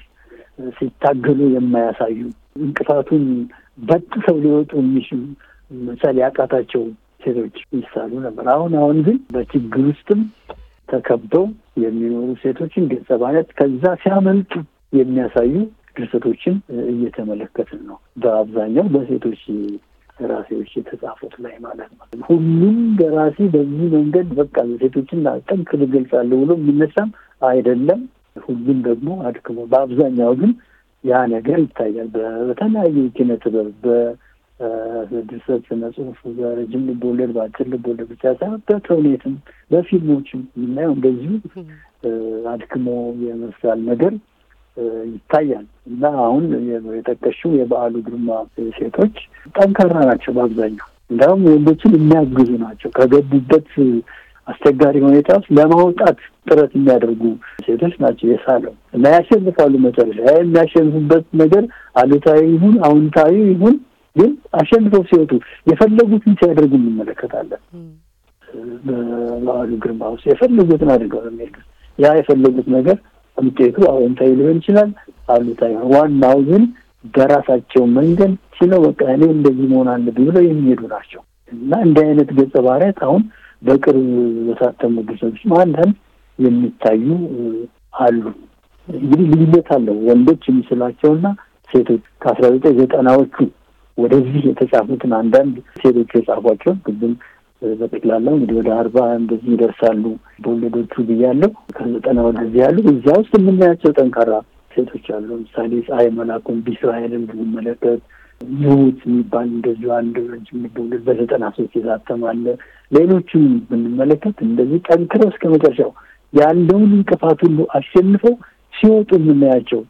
ሲታገሉ የማያሳዩ እንቅፋቱን በጥሰው ሊወጡ የሚችሉ መሳል ያቃታቸው ሴቶች ይሳሉ ነበር። አሁን አሁን ግን በችግር ውስጥም ተከበው የሚኖሩ ሴቶችን ገጸ ባህሪያት ከዛ ሲያመልጡ የሚያሳዩ ድርሰቶችን እየተመለከትን ነው። በአብዛኛው በሴቶች ደራሲዎች የተጻፉት ላይ ማለት ነው። ሁሉም ደራሲ በዚህ መንገድ በቃ ሴቶችን ጠንክር እገልጻለሁ ብሎ የሚነሳም አይደለም። ሁሉም ደግሞ አድክሞ፣ በአብዛኛው ግን ያ ነገር ይታያል። በተለያዩ ኪነ ጥበብ፣ በድርሰት ስነ ጽሁፍ፣ በረጅም ልቦለድ፣ በአጭር ልቦለድ ብቻ ሳይሆን በተውኔትም በፊልሞችም የምናየው እንደዚሁ አድክሞ የመሳል ነገር ይታያል እና አሁን የጠቀሽው የበዓሉ ግርማ ሴቶች ጠንካራ ናቸው በአብዛኛው እንዲሁም ወንዶችን የሚያግዙ ናቸው ከገቡበት አስቸጋሪ ሁኔታ ውስጥ ለማውጣት ጥረት የሚያደርጉ ሴቶች ናቸው የሳለው እና ያሸንፋሉ። መጨረሻ የሚያሸንፉበት ነገር አሉታዊ ይሁን አዎንታዊ ይሁን ግን አሸንፈው ሲወጡ የፈለጉትን ሲያደርጉ እንመለከታለን። በበዓሉ ግርማ ውስጥ የፈለጉትን አድርገው ነው የሚሄዱት። ያ የፈለጉት ነገር ውጤቱ አዎንታዊ ሊሆን ይችላል፣ አሉታዊ። ዋናው ግን በራሳቸው መንገድ ሲለው በቃ እኔ እንደዚህ መሆን አለብኝ ብለው የሚሄዱ ናቸው እና እንዲህ አይነት ገጸ ባህሪያት አሁን በቅርብ በታተሙ ድርሰቶች አንዳንድ የሚታዩ አሉ። እንግዲህ ልዩነት አለው ወንዶች የሚስላቸውና ሴቶች ከአስራ ዘጠኝ ዘጠናዎቹ ወደዚህ የተጻፉትን አንዳንድ ሴቶች የጻፏቸውን ቅድም በጠቅላላው እንግዲህ ወደ አርባ እንደዚህ ይደርሳሉ በወለዶቹ ብያለሁ። ከዘጠና ወደዚህ ያሉ እዚያ ውስጥ የምናያቸው ጠንካራ ሴቶች አሉ። ለምሳሌ ፀሐይ መላኩን ቢስራኤልን ብንመለከት ይሁት የሚባል እንደዚሁ አንድ ረጅም ልቦለድ በዘጠና ሶስት የታተመ አለ። ሌሎችም ብንመለከት እንደዚህ ጠንክረው እስከ መጨረሻው ያለውን እንቅፋት ሁሉ አሸንፈው ሲወጡ የምናያቸው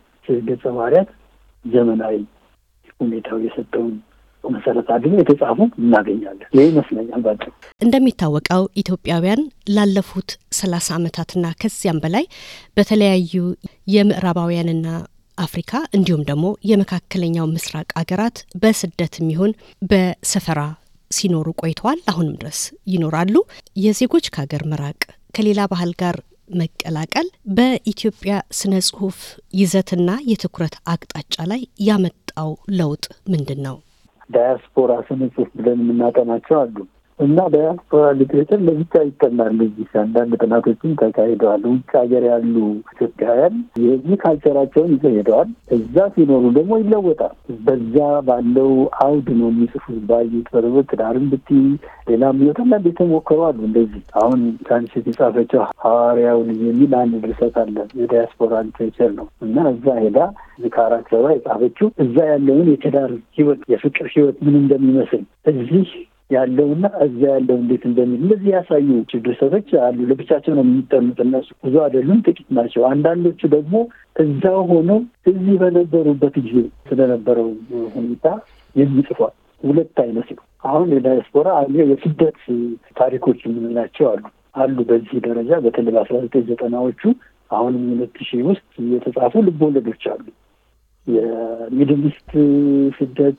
ገጸ ባህርያት ዘመናዊ ሁኔታው የሰጠውን መሰረት አድርገው የተጻፉ እናገኛለን። ይህ ይመስለኛል። በ እንደሚታወቀው ኢትዮጵያውያን ላለፉት ሰላሳ ዓመታትና ከዚያም በላይ በተለያዩ የምዕራባውያንና አፍሪካ እንዲሁም ደግሞ የመካከለኛው ምስራቅ ሀገራት በስደት የሚሆን በሰፈራ ሲኖሩ ቆይተዋል። አሁንም ድረስ ይኖራሉ። የዜጎች ከሀገር መራቅ ከሌላ ባህል ጋር መቀላቀል በኢትዮጵያ ስነ ጽሁፍ ይዘትና የትኩረት አቅጣጫ ላይ ያመጣው ለውጥ ምንድን ነው? ዳያስፖራ ስንጽፍ ብለን የምናጠናቸው አሉ። እና ዳያስፖራ ሊትሬቸር ለብቻ ይጠናል። እዚህ አንዳንድ ጥናቶችም ተካሂደዋል። ውጭ ሀገር ያሉ ኢትዮጵያውያን የዚህ ካልቸራቸውን ይዘው ሄደዋል። እዛ ሲኖሩ ደግሞ ይለወጣል። በዛ ባለው አውድ ነው የሚጽፉት። ባዩት በረበት ትዳርም ብቲ ሌላ ቢወት እና ቤተ ሞከሩ አሉ። እንደዚህ አሁን ታንሽት የጻፈችው ሐዋርያውን የሚል አንድ ድርሰት አለ። የዳያስፖራ ሊትሬቸር ነው እና እዛ ሄዳ ካራክተሯ የጻፈችው እዛ ያለውን የትዳር ህይወት፣ የፍቅር ህይወት ምን እንደሚመስል እዚህ ያለውና እዚያ ያለው እንዴት እንደሚል እንደዚህ ያሳዩ ድርሰቶች አሉ። ለብቻቸው ነው የሚጠምጥ እነሱ ብዙ አይደሉም፣ ጥቂት ናቸው። አንዳንዶቹ ደግሞ እዛው ሆነው እዚህ በነበሩበት ጊዜ ስለነበረው ሁኔታ የሚጽፏል። ሁለት አይነት ነው። አሁን የዳያስፖራ የስደት ታሪኮች የምንላቸው አሉ አሉ በዚህ ደረጃ በተለይ በአስራ ዘጠኝ ዘጠናዎቹ አሁንም ሁለት ሺህ ውስጥ የተጻፉ ልብ ወለዶች አሉ። የሚድል ኢስት ስደት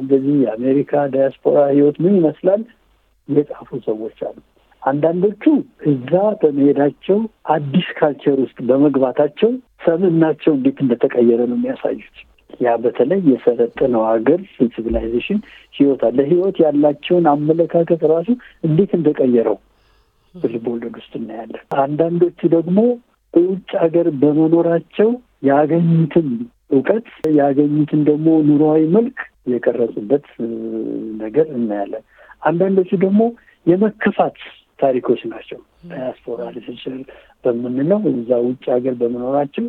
እንደዚህ የአሜሪካ ዳያስፖራ ህይወት ምን ይመስላል የጻፉ ሰዎች አሉ። አንዳንዶቹ እዛ በመሄዳቸው አዲስ ካልቸር ውስጥ በመግባታቸው ሰምናቸው እንዴት እንደተቀየረ ነው የሚያሳዩት። ያ በተለይ የሰለጠነው ሀገር ሲቪላይዜሽን ህይወት ህይወት ያላቸውን አመለካከት ራሱ እንዴት እንደቀየረው በልቦለድ ውስጥ እናያለን። አንዳንዶቹ ደግሞ ውጭ ሀገር በመኖራቸው ያገኙትን እውቀት ያገኙትን ደግሞ ኑሯዊ መልክ የቀረጹበት ነገር እናያለን። አንዳንዶቹ ደግሞ የመከፋት ታሪኮች ናቸው። ዳያስፖራ ሊትሬቸር በምንለው እዛ ውጭ ሀገር በመኖራቸው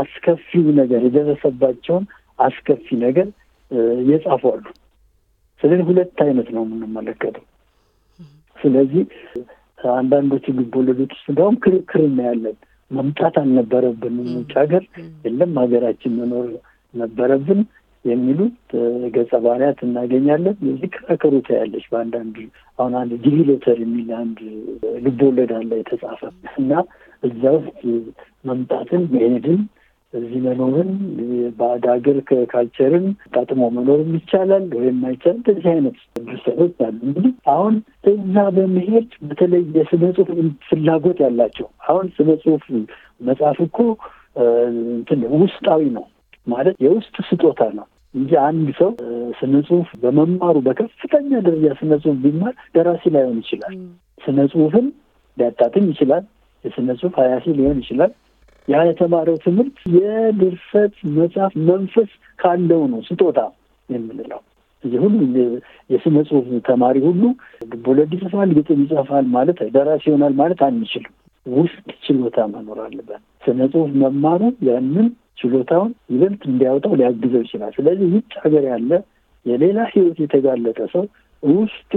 አስከፊው ነገር የደረሰባቸውን አስከፊ ነገር አሉ። ስለዚህ ሁለት አይነት ነው የምንመለከተው። ስለዚህ አንዳንዶቹ ልብ ውስጥ እንዲያውም ክርክር እናያለን። መምጣት አልነበረብንም። ውጭ ሀገር የለም ሀገራችን መኖር ነበረብን የሚሉ ገጸ ባህሪያት እናገኛለን። የዚህ ክራከሩ ታያለች። በአንዳንድ አሁን አንድ ዲቪ ሎተር የሚል አንድ ልቦወለድ አለ የተጻፈ እና እዛ ውስጥ መምጣትን መሄድን እዚህ መኖርን ባዕድ ሀገር ከካልቸርን ጣጥሞ መኖርም ይቻላል ወይም ማይቻል እንደዚህ አይነት ድርሰቶች አሉ። እንግዲህ አሁን እዛ በመሄድ በተለይ የስነ ጽሁፍ ፍላጎት ያላቸው አሁን ስነ ጽሁፍ መጽሐፍ እኮ ውስጣዊ ነው ማለት የውስጥ ስጦታ ነው እንጂ አንድ ሰው ስነ ጽሁፍ በመማሩ በከፍተኛ ደረጃ ስነ ጽሁፍ ቢማር ደራሲ ላይሆን ይችላል። ስነ ጽሁፍን ሊያጣጥም ይችላል። የስነ ጽሁፍ ሀያሲ ሊሆን ይችላል። ያ የተማረው ትምህርት የድርሰት መጽሐፍ መንፈስ ካለው ነው ስጦታ የምንለው። ሁሉ የስነ ጽሁፍ ተማሪ ሁሉ ልቦለድ ይጽፋል፣ ግጥም ይጽፋል ማለት ደራሲ ይሆናል ማለት አንችልም። ውስጥ ችሎታ መኖር አለበት። ስነ ጽሁፍ መማሩ ያንን ችሎታውን ይበልጥ እንዲያወጣው ሊያግዘው ይችላል። ስለዚህ ውጭ ሀገር ያለ የሌላ ህይወት የተጋለጠ ሰው ውስጡ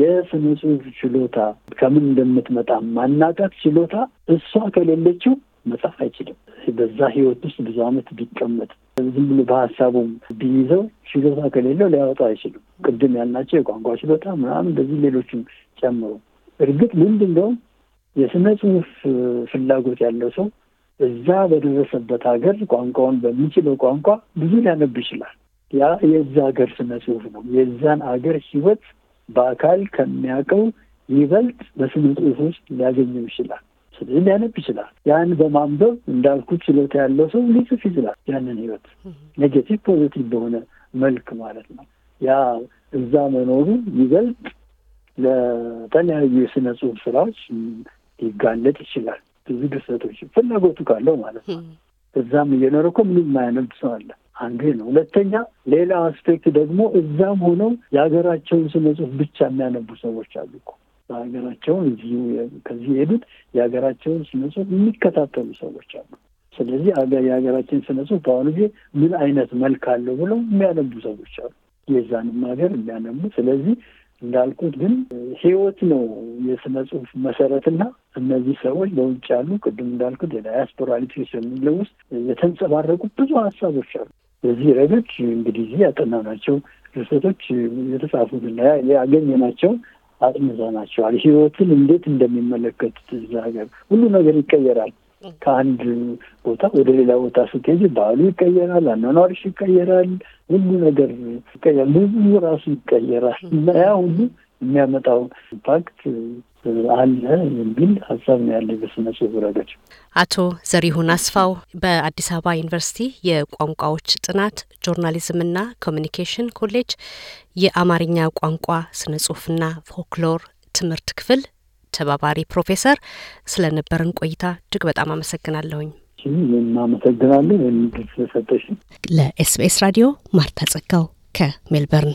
የስነ ጽሁፍ ችሎታ ከምን እንደምትመጣ ማናቃት ችሎታ እሷ ከሌለችው መጻፍ አይችልም። በዛ ህይወት ውስጥ ብዙ አመት ቢቀመጥ ዝም ብሎ በሀሳቡም ቢይዘው ችሎታ ከሌለው ሊያወጣው አይችልም። ቅድም ያልናቸው የቋንቋ ችሎታ ምናምን እንደዚህ ሌሎችም ጨምሮ እርግጥ ልምድ እንደውም የስነ ጽሁፍ ፍላጎት ያለው ሰው እዛ በደረሰበት ሀገር ቋንቋውን በሚችለው ቋንቋ ብዙ ሊያነብ ይችላል። ያ የዛ ሀገር ስነ ጽሁፍ ነው። የዛን ሀገር ህይወት በአካል ከሚያውቀው ይበልጥ በስነ ጽሁፍ ውስጥ ሊያገኘው ይችላል። ስለዚህ ሊያነብ ይችላል። ያን በማንበብ እንዳልኩት ችሎታ ያለው ሰው ሊጽፍ ይችላል። ያንን ህይወት ኔጌቲቭ ፖዚቲቭ በሆነ መልክ ማለት ነው። ያ እዛ መኖሩ ይበልጥ ለተለያዩ የስነ ጽሁፍ ስራዎች ሊጋለጥ ይችላል። ብዙ ድርሰቶች ፍላጎቱ ካለው ማለት ነው። እዛም እየኖረ እኮ ምንም የማያነብ ሰው አለ። አንዴ ነው። ሁለተኛ ሌላ አስፔክት ደግሞ እዛም ሆነው የሀገራቸውን ስነ ጽሁፍ ብቻ የሚያነቡ ሰዎች አሉ እኮ በሀገራቸው እዚሁ ከዚህ የሄዱት የሀገራቸውን ስነጽሁፍ የሚከታተሉ ሰዎች አሉ። ስለዚህ የሀገራችን ስነጽሁፍ በአሁኑ ጊዜ ምን አይነት መልክ አለው ብለው የሚያነቡ ሰዎች አሉ። የዛንም ሀገር የሚያነቡ ስለዚህ እንዳልኩት ግን ህይወት ነው የስነ ጽሁፍ መሰረትና እነዚህ ሰዎች በውጭ ያሉ ቅድም እንዳልኩት የዳያስፖራ ሊትሬቸር የሚለው ውስጥ የተንጸባረቁ ብዙ ሀሳቦች አሉ። በዚህ ረገድ እንግዲህ ያጠናናቸው ድርሰቶች የተጻፉትና ያገኘናቸው አጥንተናቸዋል። ህይወትን እንዴት እንደሚመለከቱት እዛ ሀገር ሁሉ ነገር ይቀየራል። ከአንድ ቦታ ወደ ሌላ ቦታ ስትሄጅ ባህሉ ይቀየራል፣ አኗኗርሽ ይቀየራል፣ ሁሉ ነገር ይቀየራል፣ ብዙ ራሱ ይቀየራል እና ያ ሁሉ የሚያመጣው ኢምፓክት አለ የሚል ሀሳብ ነው ያለ በስነ ጽሁፍ ረገድ። አቶ ዘሪሁን አስፋው በአዲስ አበባ ዩኒቨርሲቲ የቋንቋዎች ጥናት ጆርናሊዝምና ኮሚኒኬሽን ኮሌጅ የአማርኛ ቋንቋ ስነ ጽሁፍና ፎክሎር ትምህርት ክፍል ተባባሪ ፕሮፌሰር፣ ስለነበረን ቆይታ እጅግ በጣም አመሰግናለሁኝ። እናመሰግናለን። ለኤስቢኤስ ራዲዮ ማርታ ጸጋው ከሜልበርን